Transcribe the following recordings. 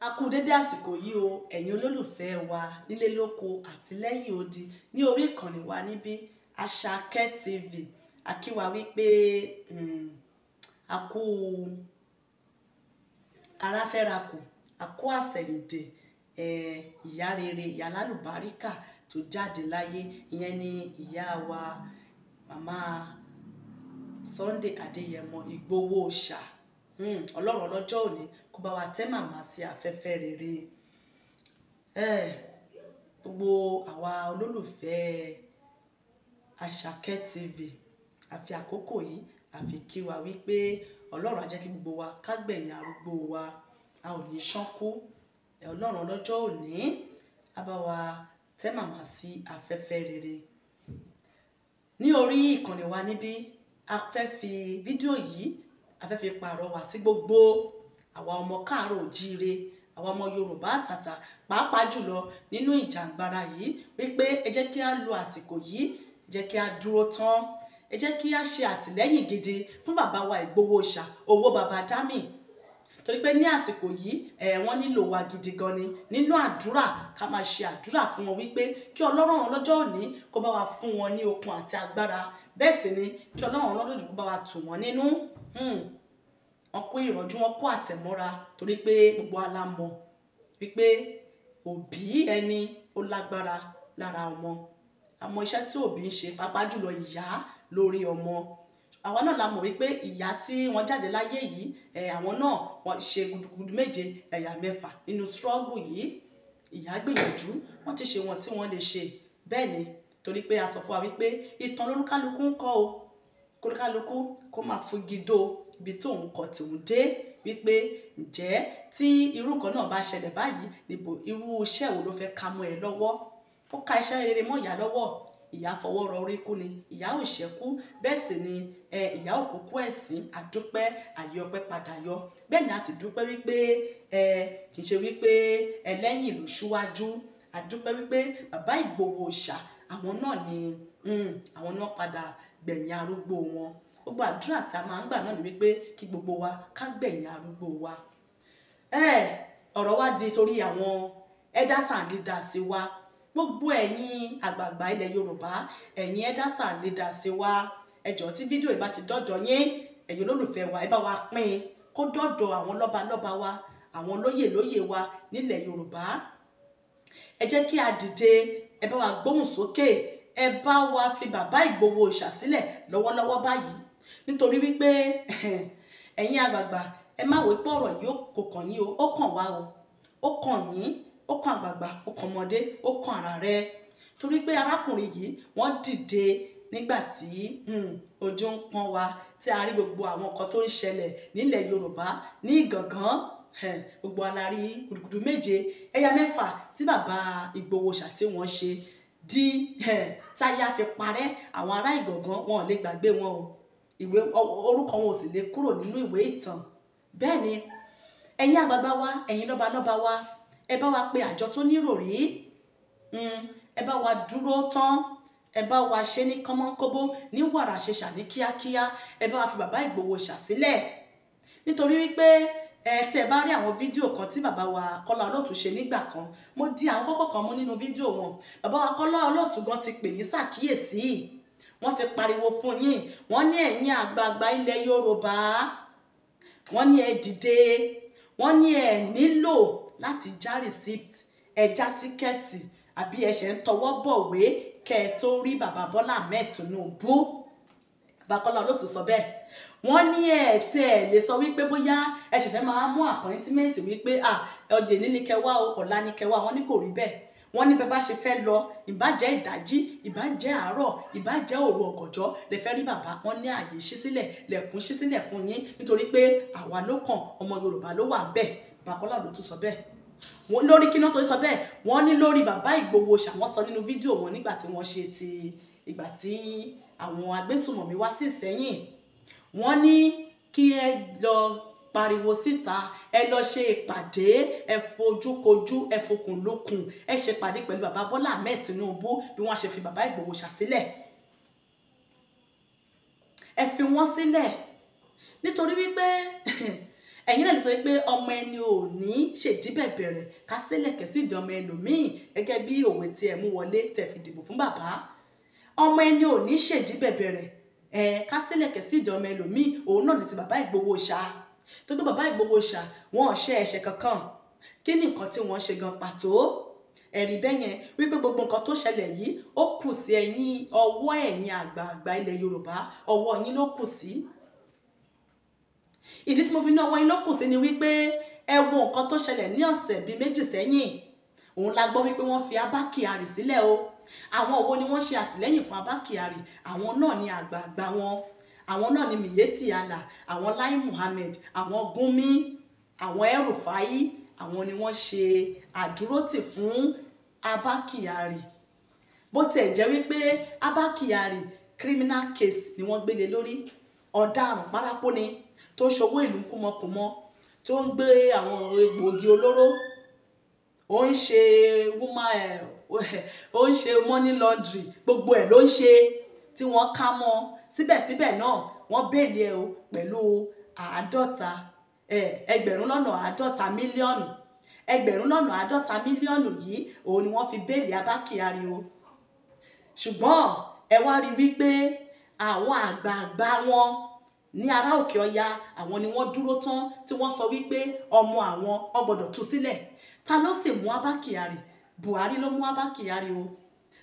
a kú dédé àsìkò yìí o ẹ̀yin olólùfẹ́ wa nílé lóko àti lẹ́yìn odi ní orí ìkànnì wa níbí Àṣàkẹ́ TV a kí wa wípé hmm, a kú aráfẹ́rakù a kú àsẹ̀yìndè ìyá rere ìyá lálùbáríkà tó jáde láyé ìyẹn ni ìyá wa màmá Sunday Adéyẹmọ Ìgbòho ṣáà Hmm. ọlọ́run ọlọ́jọ́ òní kó bá wa tẹ́ màmá sí afẹ́fẹ́ rere gbogbo àwa olólùfẹ́ Àṣàkẹ́ TV àfi àkókò yìí àfi kí wa wípé ọlọ́run á jẹ́ kí gbogbo wa ká gbẹ̀yìn arúgbó wa a ò ní ṣánkú ọlọ́run ọlọ́jọ́ òní á bá wa tẹ́ màmá sí afẹ́fẹ́ rere ní orí ìkànnì wa níbí a fẹ́ fi fídíò yìí afẹ́fẹ́ pààrọ̀ wá sí gbogbo àwa ọmọ káàárọ̀ òjíire àwa ọmọ yorùbá àtàtà pàápàá jùlọ nínú ìjàǹgbara yìí wípé ẹ jẹ́ kí a lo àsìkò yìí ẹ jẹ́ kí a dúró tán ẹ jẹ́ kí a ṣe àtìlẹ́yìn gidi fún bàbá wa ìgbowó ṣà owó bàbá dámì torí pé ní àsìkò yìí ẹ wọ́n nílò wa gidi gan ni nínú àdúrà ká máa ṣe àdúrà fún wọn wípé kí ọlọ́run ọlọ́jọ́ òní kó bá wa fún wọn ní okun àti agbára bẹ́ẹ̀ sì ni kí ọlọ́run ọlọ́jọ́ òní kó bá wa tù wọ́n nínú. Hmm wọ́n kó ìrọ́jú wọ́n kó àtẹ̀mọ́ra torí pé gbogbo ala mọ̀ wípé òbí ẹni ó lágbára lára ọmọ àmọ́ iṣẹ́ tí òbí ń ṣe pàápàá jùlọ ìyá lórí ọmọ àwa náà la mọ̀ wípé ìyá tí wọ́n jáde láyé yìí ẹ̀ àwọn náà wọ́n ṣe gudugudu méje ẹ̀yà mẹ́fà nínú struggle yìí ìyá gbìyànjú wọ́n ti ṣe wọn tí wọ́n lè ṣe bẹ́ẹ̀ ni torí pé a sọ fún wa wípé ìtàn lolúkálukú ń kọ́ o kólúkálukú kó máa fogi dó o ibi tó ń kọ tòun dé wípé ǹjẹ́ tí irú nǹkan náà bá ṣẹlẹ̀ báyìí níbo irú iṣẹ́ wo ló fẹ́ ka mọ́ ẹ lọ́wọ́ ó ka iṣẹ́ rere mọ́ ìyá lọ́wọ́ ìyá fọwọ́ rọ orí kú ni ìyá ò ṣẹ́kú bẹ́ẹ̀ sì ni ìyá ò kúkú ẹ̀sìn àdúpẹ́ àyè ọpẹ́ padà yọ bẹ́ẹ̀ ni a sì dúpẹ́ wípé kì í ṣe wípé ẹlẹ́yìn ìlú ṣíwájú àdúpẹ́ wípé bàbá Ìgbòho Òòṣà àwọn náà ni mm, àwọn náà padà gbẹ̀yìn arúgbó wọn gbogbo àdúrà tá a máa ń gbà náà ni wípé kí gbogbo wa ká gbẹ̀yìn arúgbó wa ẹ ọ̀rọ̀ wa di torí àwọn elders and leaders wa gbogbo ẹ̀yin àgbààgbà ilẹ̀ Yorùbá ẹ̀yin elders and leaders wa ẹ jọ̀ọ́ tí fídíò ìbá ti dọ́dọ̀ yín ẹ̀yin olólùfẹ́ wa ẹ bá wa pín kó dọ́dọ̀ àwọn lọ́balọ́ba wa àwọn lóyè lóyè wa nílẹ̀ Yorùbá ẹ jẹ́ kí a dìde ẹ bá wa gbóhùn sókè ẹ bá wa fi bàbá Ìgbòho òòṣà lọ́wọ́lọ́wọ́ báyìí nítorí wípé ẹ̀yin àgbààgbà ẹ má wé pọ̀rọ̀ yìí kò kàn yín o ó kàn wá o ó kàn yín ó kàn àgbààgbà ó kàn ọmọdé ó kàn ara rẹ torí pé arákùnrin yìí wọ́n dìde nígbà tí hmm, ojú ń pọ́n wa tí a rí gbogbo àwọn nǹkan tó ń ṣẹlẹ̀ nílẹ̀ Yorùbá ní ìgàngán gbogbo alárí gùdùgùdù méje ẹ̀yà mẹ́fà tí bàbá Ìgbòho ṣàtì wọn ṣe di táyà fi parẹ́ àwọn ará ìgàngán wọn ò lè gbàgbé wọn o ìwé orúkọ wọn ò sì lè kúrò nínú ìwé ìtàn bẹ́ẹ̀ ni ẹ̀yin àgbàgbà wa ẹ̀yin lọ́balọ́ba wa ẹ bá wa pe àjọ tó níròrí hmm, ẹ bá wa dúró tán ẹ bá wa ṣe ní kánmọ́nkóbó ní wàrà ṣẹṣà ní kíákíá ẹ bá wa fi bàbá Ìgbòho ṣàsílẹ̀ nítorí wípé ẹ tí ẹ bá rí àwọn fídíò kan tí bàbá wa Kọ́lá Olóòtú ṣe nígbà kan mo di àwọn kọ́kọ́ kan mú nínú fídíò wọn bàbá wa Kọ́lá Olóòtú gan ti pè yín ṣàkíyèsí wọ́n ti pariwo fún yín wọ́n ní ẹ̀yin àgbààgbà ilẹ̀ Yorùbá wọ́n ní ẹ dìde wọ́n ní ẹ nílò láti já receipt ẹ já tíkẹ́ẹ̀tì àbí ẹ ṣẹ̀ ń tọwọ́ bọ̀wé kẹ́ ẹ tó rí bàbá Bọ́lá Ahmed Tinubu bàkọ́lá olóòtú sọ bẹ́ẹ̀ wọ́n ní ẹ̀ tí ẹ̀ lè sọ wípé bóyá ẹ ṣẹ̀fẹ̀ máa mú àpọ́íntímẹ́ǹtì wípé ọ̀dẹ̀ ní ni kẹwàá ọ̀la ní kẹwàá wọn ní kò rí bẹ́ẹ̀ wọ́n ní bẹ́ẹ̀ bá ṣe fẹ́ lọ ìbàjẹ́ ìdájí ìbàjẹ́ àárọ̀ ìbàjẹ́ òru ọ̀gànjọ́ lè fẹ́ rí bàbá wọ́n ní àyè ṣí sílẹ̀ lẹ̀kún ṣí sílẹ̀ fún yín nítorí pé àwa ló kàn ọmọ Yorùbá ló wà ń bẹ̀ bàkọ́lá ló tún sọ bẹ́ẹ̀ wọ́n lórí kí náà tó sọ bẹ́ẹ̀ wọ́n ní lórí bàbá Ìgbòho ṣàwọn sọ nínú fídíò wọn nígbà tí wọ́n ṣe ti ìgbà tí àwọn agbésùnmọ̀mí wá sí Ìsẹ́yìn wọ́n ní kí ẹ lọ pariwo síta ẹ lọ ṣe ìpàdé ẹ fojúkojú ẹ fokùn lókun ẹ ṣe ìpàdé pẹ̀lú bàbá Bọ́lá Ahmed Tinubu bí wọ́n ṣe fi bàbá Ìgbòho ṣàsílẹ̀ ẹ fi wọ́n sílẹ̀ nítorí wípé ẹ̀yin náà lè sọ pé ọmọ ẹni ò ní ṣèdíbẹ̀ bẹ̀rẹ̀ ká sílẹ̀kẹ̀ sí ìdí ọmọ ẹlòmíì gẹ́gẹ́ bí òwe tí ẹ mú wọlé tẹ̀ fi dìbò fún bàbá ọmọ ẹni ò ní ṣèdíbẹ̀ bẹ̀rẹ̀ ẹ̀ ká sílẹ̀kẹ̀ sí ìdí ọmọ ẹlòmíì òun náà ní ti bàbá Ìgbòho ṣáá tó gbé bàbá Ìgbòho ṣá wọn ò ṣe ẹ̀ṣẹ̀ kankan kí ni nǹkan tí wọ́n ṣe gan pàtó ẹ̀rí bẹ́ẹ̀ yẹn wípé gbogbo nǹkan tó ṣẹlẹ̀ yìí ó kù sí ẹ̀yìn ọwọ́ ẹ̀yìn àgbààgbà ilẹ̀ Yorùbá ọwọ́ yín ló kù sí ìdí tí mo fi ní ọwọ́ yín ló kù sí ni wípé ẹ wo nǹkan tó ṣẹlẹ̀ ní ọ̀sẹ̀ bíi méjì sẹ́yìn òun la gbọ́ wípé wọ́n fi Abba Kyari sílẹ̀ o àwọn òwò ni wọ́n ṣe àtìlẹ́yìn fún Abba Kyari àwọn náà ni àgbààgbà wọn àwọn náà ni Miyetti Allah àwọn Lai Muhammed àwọn Gumi àwọn El-Rufai àwọn ni wọ́n ṣe àdúrótì fún Abba Kyari bó tẹ̀ jẹ́ wípé Abba Kyari criminal case ni wọ́n gbélé lórí ọ̀daràn paraku ni tó ṣòwò ìlú kúmọkùmọ tó ń gbé àwọn egbòogi olóró ó ń ṣe woman eh, ó ń ṣe money laundry gbogbo ẹ̀ ló ń ṣe tí wọ́n ká mọ́ síbẹ̀síbẹ̀ náà wọ́n béèlì ẹ̀ o pẹ̀lú àádọ́ta ẹgbẹ̀rún lọ́nà àádọ́ta mílíọ̀nù ẹgbẹ̀rún lọ́nà àádọ́ta mílíọ̀nù yìí òun ni wọ́n fi béèlì Abba Kyari o ṣùgbọ́n ẹ wá rí wípé àwọn àgbààgbà wọn ní ará òkè ọya àwọn ni wọ́n dúró tán tí wọ́n sọ wípé ọmọ àwọn ò gbọ́dọ̀ tú sílẹ̀ ta ló sì mú Abba Kyari Buhari ló mú Abba Kyari o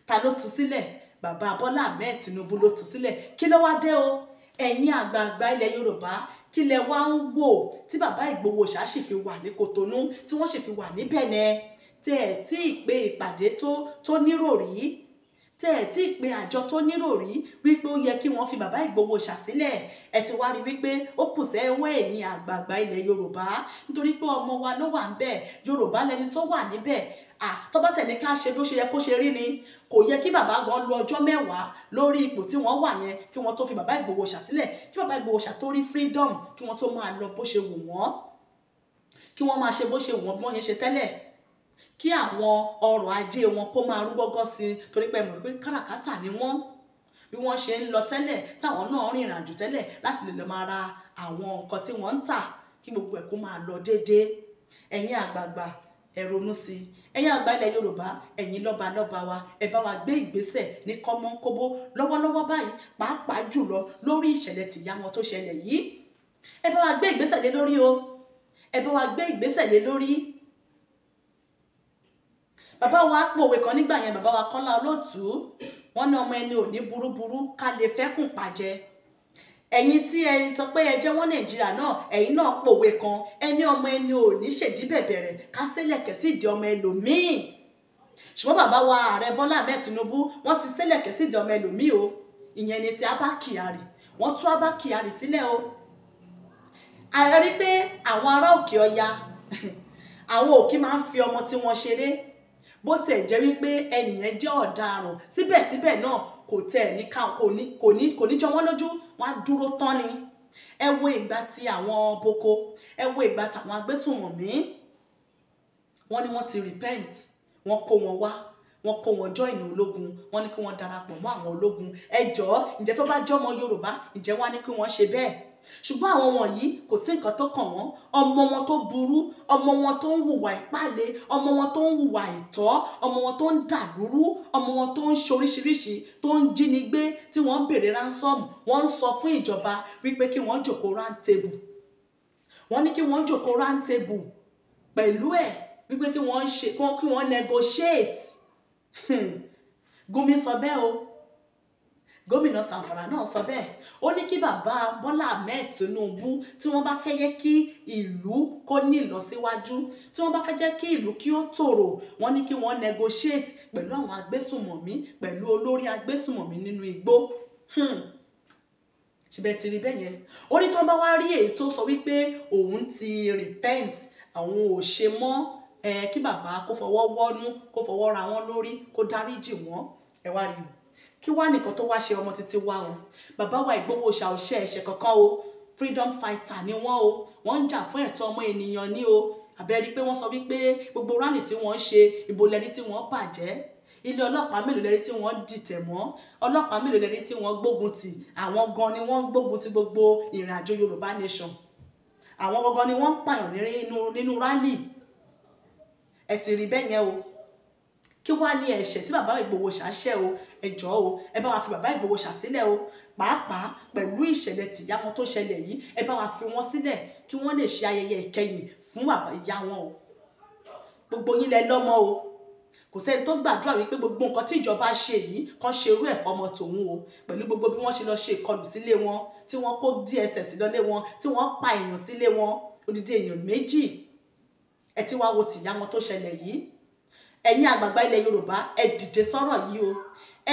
ta ló tú sílẹ̀ bàbá Bọ́lá Ahmed Tinubu ló tú sílẹ̀ kí ló wá dé o ẹ̀yin àgbààgbà ilẹ̀ Yorùbá kí lẹ wá ń wò tí bàbá Ìgbòho ṣá sì fi wà ní Kòtónú tí wọ́n sì fi wà ní Bẹ̀nẹ̀ tẹ́ ẹ̀ tí ì pe ìpàdé tó tó níròrí tẹ́ ẹ̀ tí ì pe àjọ tó níròrí wípé ó yẹ kí wọ́n fi bàbá Ìgbòho ṣà sílẹ̀ ẹ ti wá rí wípé ó kù sẹ́wọ́n ẹ̀yìn àgbààgbà ilẹ̀ Yorùbá nítorí pé ọmọ wa ló wà ń bẹ̀ Yorùbá lẹni tó wà níbẹ̀ tó bá tẹ̀lé ká ṣe bí ó ṣe yẹ kó ṣe rí ni kò yẹ kí bàbá gan lu ọjọ́ mẹ́wàá lórí ipò tí wọ́n wà yẹn kí wọ́n tó fi bàbá Ìgbòho sílẹ̀ kí bàbá Ìgbòho tó rí freedom kí wọ́n tó máa lọ bó ṣe wù wọ́n kí wọ́n máa ṣe bó ṣe wù wọ́n bí wọ́n yẹn ṣe tẹ́lẹ̀ kí àwọn ọrọ̀ ajé wọn kó máa rúgọ́gọ́ sí i torí pé mọ̀ pé káràkátà ni wọ́n bí wọ́n ṣe ń lọ tẹ́lẹ̀ táwọn náà rìnrìn àjò tẹ́lẹ̀ láti lè lọ máa ra àwọn nǹkan tí wọ́n ń tà kí gbogbo ẹ̀ máa lọ déédéé ẹ̀yin àgbààgbà ẹ ronú sí i ẹ̀yin àgbà ilẹ̀ yorùbá ẹ̀yin lọ́ba lọ́ba wa ẹ bá wa gbé ìgbésẹ̀ ní kọ́mọ́kóbó lọ́wọ́lọ́wọ́ báyìí pàápàá jùlọ lórí ìṣẹ̀lẹ̀ tìyá wọn tó ṣẹlẹ̀ yìí ẹ bá wa gbé ìgbésẹ̀ lé lórí o ẹ bá wa gbé ìgbésẹ̀ lé lórí bàbá wa pòwe kan nígbà yẹn bàbá wa kọ́lá olóòtú wọn ní ọmọ ẹni ò ní burúburú ká lè fẹ́kùn pàjẹ́ ẹ̀yin tí ẹ̀yin sọ pé ẹ jẹ́wọ́ nàìjíríà náà ẹ̀yin náà pòwe kan ẹni ọmọ ẹni ò ní ṣèjì bẹ̀bẹ̀rẹ̀ ká ṣẹlẹ̀kẹ̀ sí ìdí ọmọ ẹlòmíì ṣùgbọ́n bàbá wa ààrẹ bọ́lá ahmed tinubu wọ́n ti ṣẹlẹ̀kẹ̀ sí ìdí ọmọ ẹlòmíì o ìyẹn ni ti abba kyari wọ́n tú abba kyari sílẹ̀ o ààrẹ rí pé àwọn ará òkè ọya àwọn òkè máa ń fi ọmọ tí wọ́n ṣeré bó tẹ̀ jẹ́ wípé ẹnìyẹn jẹ́ ọ̀daràn síbẹ̀síbẹ̀ náà kò tẹ̀ ní kò ní jọ wọ́n lójú wọ́n á dúró tán ni ẹ wo ìgbà tí àwọn boko ẹ wo ìgbà tàwọn agbésùnmọ̀mí wọ́n ní wọ́n ti repent wọ́n kó wọn wá wọ́n kó wọn join ológun wọ́n ní kí wọ́n darapọ̀ mọ́ àwọn ológun ẹ jọ̀ọ́ ǹjẹ́ tó bá jọmọ Yorùbá ǹjẹ́ wọ́n á ní kí wọ́n ṣe bẹ́ẹ̀ ṣùgbọ́n àwọn wọ̀nyí kò sí nǹkan tó kàn wọ́n ọmọ wọn tó burú ọmọ wọn tó ń hùwà ìpáàlẹ̀ ọmọ wọn tó ń hùwà ìtọ́ ọmọ wọn tó ń dàlúrú ọmọ wọn tó ń ṣoríṣiríṣi tó ń jínigbé tí wọ́n ń béèrè ránsọ́ọ̀mù wọ́n ń sọ fún ìjọba wípé kí wọ́n jòkó rántébù wọ́n ní kí wọ́n jòkó rántébù pẹ̀lú ẹ̀ wípé kí wọ́n ṣe kí wọ́n negotiate Gumi sọ bẹ́ẹ̀ o gómìnà sanfara náà sọ bẹ́ẹ̀ ó ní kí bàbá bọ́lá ahmed tinubu tí wọ́n bá fẹ́ yẹ kí ìlú kó ní ìlọsíwájú tí wọ́n bá fẹ́ jẹ́ kí ìlú kí ó tòrò wọ́n ní kí wọ́n negotiate pẹ̀lú àwọn agbésùmọ̀mí pẹ̀lú olórí agbésùmọ̀mí nínú igbó hmm. ṣùgbẹ́ ti rí bẹ́ẹ̀ yẹn ó ní tí wọ́n bá wá rí èyí tó sọ wípé òun ti repent àwọn ò ṣe mọ́ eh, kí bàbá kó fọwọ́ wọ́nú kó fọwọ́ ra wọn lórí kó dáríjì wọn ẹ wá rí i kí wá nìkan tó wá ṣe ọmọ títí wá o bàbá wa Ìgbòho ṣà ò ṣe kankan o freedom fighter ni wọ́n o wọ́n ń jà fún ẹ̀tọ́ ọmọ ènìyàn ni o àbẹ́rí pé wọ́n sọ wípé gbogbo rally tí wọ́n ń ṣe ìbò lẹ́ni tí wọ́n bàjẹ́ ilé ọlọ́pàá mélòó lẹ́rí tí wọ́n dìtẹ̀ mọ́ ọlọ́pàá mélòó lẹ́rí tí wọ́n gbógun ti àwọn gan ni wọ́n gbógun ti gbogbo ìrìn àjò Yorùbá nation àwọn gangan ni wọ́n pààyàn nínú rálì ẹ̀ ti rí bẹ́ẹ̀ o kí wá ní ẹ̀ṣẹ̀ tí bàbá Ìgbòho ṣàṣẹ̀ o ẹjọ́ o ẹ bá wa fi bàbá Ìgbòho ṣàsílẹ̀ o pàápàá pẹ̀lú ìṣẹ̀lẹ̀ tìyá wọn tó ṣẹlẹ̀ yìí ẹ bá wa fi wọn sílẹ̀ kí wọ́n lè ṣe ayẹyẹ ìkẹyìn fún bàbá ìyá wọn o gbogbo yín lẹ lọ́mọ o kò sẹ́ni tó gbàdúrà wípé gbogbo nǹkan tí ìjọba ṣe yìí kan ṣe irú ẹ̀ fọmọ tòun o pẹ̀lú gbogbo bí wọ́n ṣe lọ ṣe ìkọlù sílé wọn tí wọ́n kó DSS lọlé wọn tí wọ́n pa èèyàn sílé wọn odidi èèyàn méjì ẹ ti wá wo tìyá wọn tó ṣẹlẹ̀ yìí ẹ̀yin àgbààgbà ilẹ̀ yorùbá ẹ dìde sọ́rọ̀ yìí o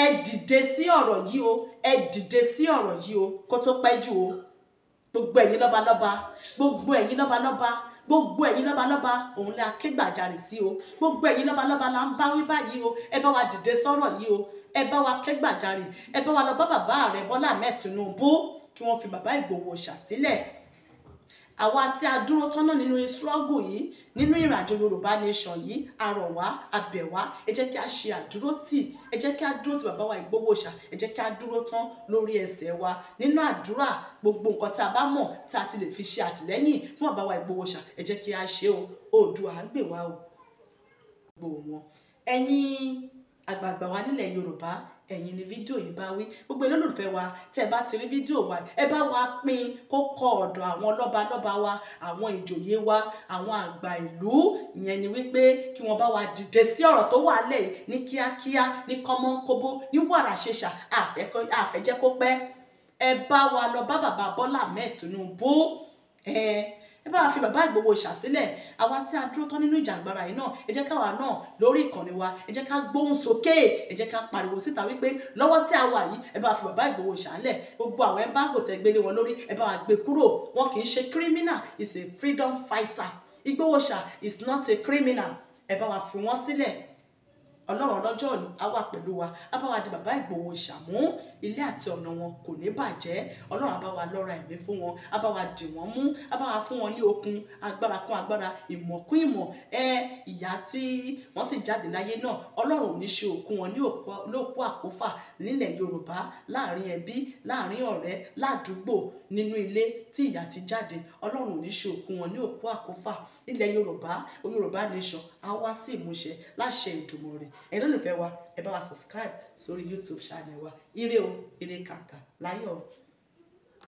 ẹ dìde sí ọ̀rọ̀ yìí o ẹ dìde sí ọ̀rọ̀ yìí o kó tó pẹ́ jù o gbogbo ẹ̀yin lọ́balọ́ba gbogbo ẹ̀yin lọ́balọ́ba gbogbo ẹ̀yin lọ́balọ́ba òun la ké gbàjarè sí o gbogbo ẹ̀yin lọ́balọ́ba la ń bá wí báyìí o ẹ bá wa dìde sọ́rọ̀ yìí o ẹ bá wa ké gbàjarè ẹ bá wa lọ bá bàbá rẹ Bọ́lá Ahmed Tinubu kí wọ́n fi bàbá Ìgbòho ṣà sílẹ̀ àwa tí a dúró tọ́nà nínú ìṣúrọ́gù yìí nínú ìrìnàjò yorùbá nation yìí àrọ̀wá àbẹ̀wá ẹ jẹ́ kí a ṣe àdúró tì ẹ jẹ́ kí a dúró tì bàbá wa ìgbówòṣà ẹ jẹ́ kí a dúró tán lórí ẹsẹ̀ wa nínú àdúrà gbogbo nǹkan tá a bá mọ̀ tá a ti lè fi ṣe àtìlẹ́yìn fún bàbá wa ìgbówòṣà ẹ jẹ́ kí a ṣe o oòdùà ń gbè wá o gbogbo wọn ẹ̀yin àgbààgbà wa nílẹ̀ yorùbá ẹ̀yin ni fídíò yìí bá wí gbogbo olólùfẹ́ wa tẹ́ ẹ bá ti rí fídíò wa ẹ bá wa pín kó kọ ọ̀dọ̀ àwọn lọ́balọ́ba wa àwọn ìjòyè wa àwọn àgbà ìlú ìyẹn ni wípé kí wọ́n bá wa dìde sí ọ̀rọ̀ tó wà lẹ̀ ní kíákíá ní kọ́mọ́nkóbó ní wàrà ṣẹṣà àfẹ́jẹ́ kó ẹ bá wa lọ bá bàbá Bọ́lá mẹ́ẹ̀ Tinubu ẹ bá wa fi bàbá Ìgbòho ìṣàsílẹ̀ àwa tí a dúró tán nínú ìjàngbara yìí náà ẹ jẹ́ káwa náà lórí ìkànnì wa ẹ jẹ́ ká gbóhùn sókè ẹ jẹ́ ká pariwo síta wípé lọ́wọ́ tí a wà yìí ẹ bá wa fi bàbá Ìgbòho ìṣàlẹ̀ gbogbo àwọn ẹbá kò tẹ́ gbélé wọn lórí ẹ bá wa gbé kúrò wọn kì í ṣe criminal is a freedom fighter Ìgbòho ṣà is not a criminal ẹ bá wa fi wọn sílẹ̀ ọlọ́run ọlọ́jọ́ òní á pẹ̀lú wa á di bàbá ìgbòho ìṣàmú ilé àti ọ̀nà wọn kò ní bàjẹ́ ọlọ́run á bá wa lọ́ra ẹ̀mí fún wọn á bá wa dì wọ́n mú á bá wa fún wọn ní okun agbára kún agbára ìmọ̀ kún ìmọ̀ ẹ ìyá tí wọ́n sì jáde láyé náà ọlọ́run ò ní ṣe òkú wọn ní òpó àkófà nílẹ̀ yorùbá láàrin ẹbí láàrin ọ̀rẹ́ ládùúgbò nínú ilé tí ìyá ti jáde ọlọ́run ò ní ṣe òkú wọn ní òpó àkófà ilẹ̀ yorùbá yorùbá nation á wá sí ìmúṣẹ láṣẹ ìdùnnú rẹ̀ ẹ̀yin olùfẹ́ wa ẹ bá wa subscribe sórí youtube channel wa ire o ire kàkà láyọ̀